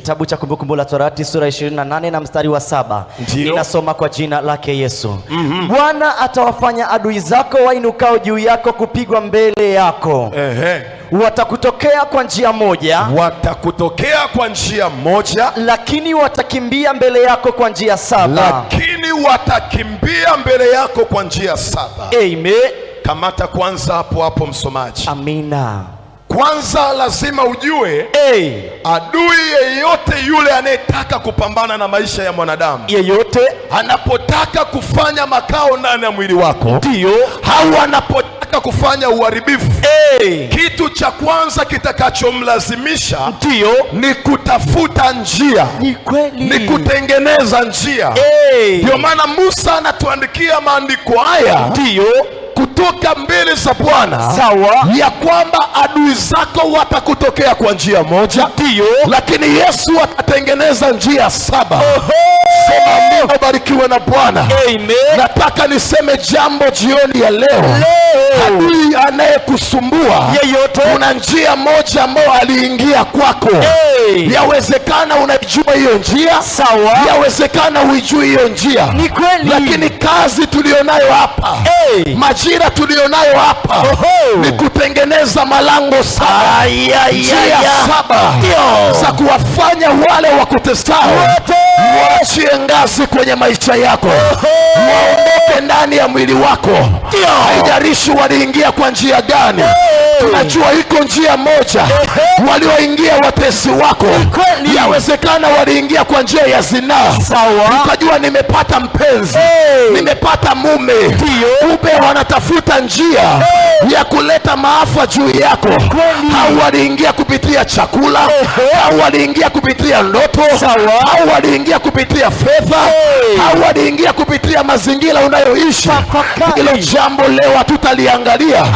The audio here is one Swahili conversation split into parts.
Kitabu cha Kumbukumbu la Torati sura 28 na mstari wa saba inasoma kwa jina lake Yesu. mm -hmm. Bwana atawafanya adui zako wainukao juu yako kupigwa mbele yako. Ehe. Watakutokea kwa njia moja, watakutokea kwa njia moja, lakini watakimbia mbele yako kwa njia saba, lakini watakimbia mbele yako kwa njia saba. Amen. Kamata kwanza hapo hapo, msomaji. Amina. Kwanza lazima ujue hey, adui yeyote yule anayetaka kupambana na maisha ya mwanadamu yeyote, anapotaka kufanya makao ndani ya mwili wako, ndio au anapotaka kufanya uharibifu hey, kitu cha kwanza kitakachomlazimisha ndio ni kutafuta njia, ni kweli, ni kutengeneza njia. Ndio hey, maana Musa anatuandikia maandiko haya ndio kutoka mbele za Bwana, sawa ya kwamba adui zako watakutokea kwa njia moja, ndio, lakini Yesu atatengeneza njia saba. Oho. Sema Ubarikiwe na Bwana. Nataka niseme jambo jioni ya leo, hadui Adui anayekusumbua kuna njia moja ambayo aliingia kwako hey. Yawezekana unaijua hiyo njia sawa, yawezekana uijui hiyo njia ni kweli, lakini kazi tuliyonayo hapa hey. Majira tuliyonayo hapa ni kutengeneza malango saba, njia saba za kuwafanya wale wakutesao mwachie ngazi kwenye maisha yako, waondoke ndani ya mwili wako, haijarishi waliingia kwa njia gani tunajua iko njia moja walioingia watesi wako, yawezekana waliingia kwa njia ya zinaa, ukajua nimepata mpenzi hey, nimepata mume, kumbe wanatafuta njia hey, ya kuleta maafa juu yako. Au waliingia kupitia chakula au waliingia kupitia ndoto au waliingia kupitia fedha hey, ya mazingira unayoishi. Hilo jambo leo hatutaliangalia,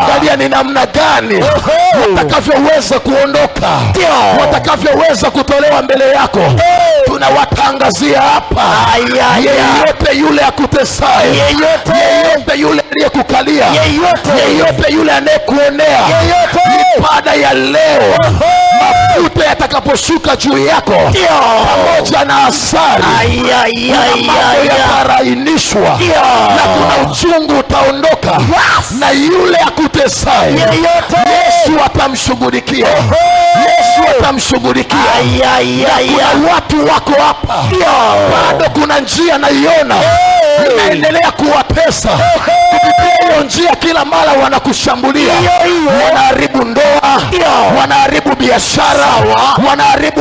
angalia ni namna gani watakavyoweza kuondoka, watakavyoweza kutolewa mbele yako. Tunawatangazia hapa, yeyote yule akutesaye, yeyote yule aliyekukalia, yeyote yule anayekuonea, ibada ya leo atakaposhuka juu yako pamoja na asari yatarainishwa na kuna uchungu utaondoka, yes. na yule akutesaye Yesu atamshughulikia Yesu atamshughulikia. Kuna watu wako hapa bado, kuna njia naiona inaendelea kuwatesa kupitia hiyo njia, kila mara wanakushambulia, wanaharibu ndoa wanaharibu biashara, wanaharibu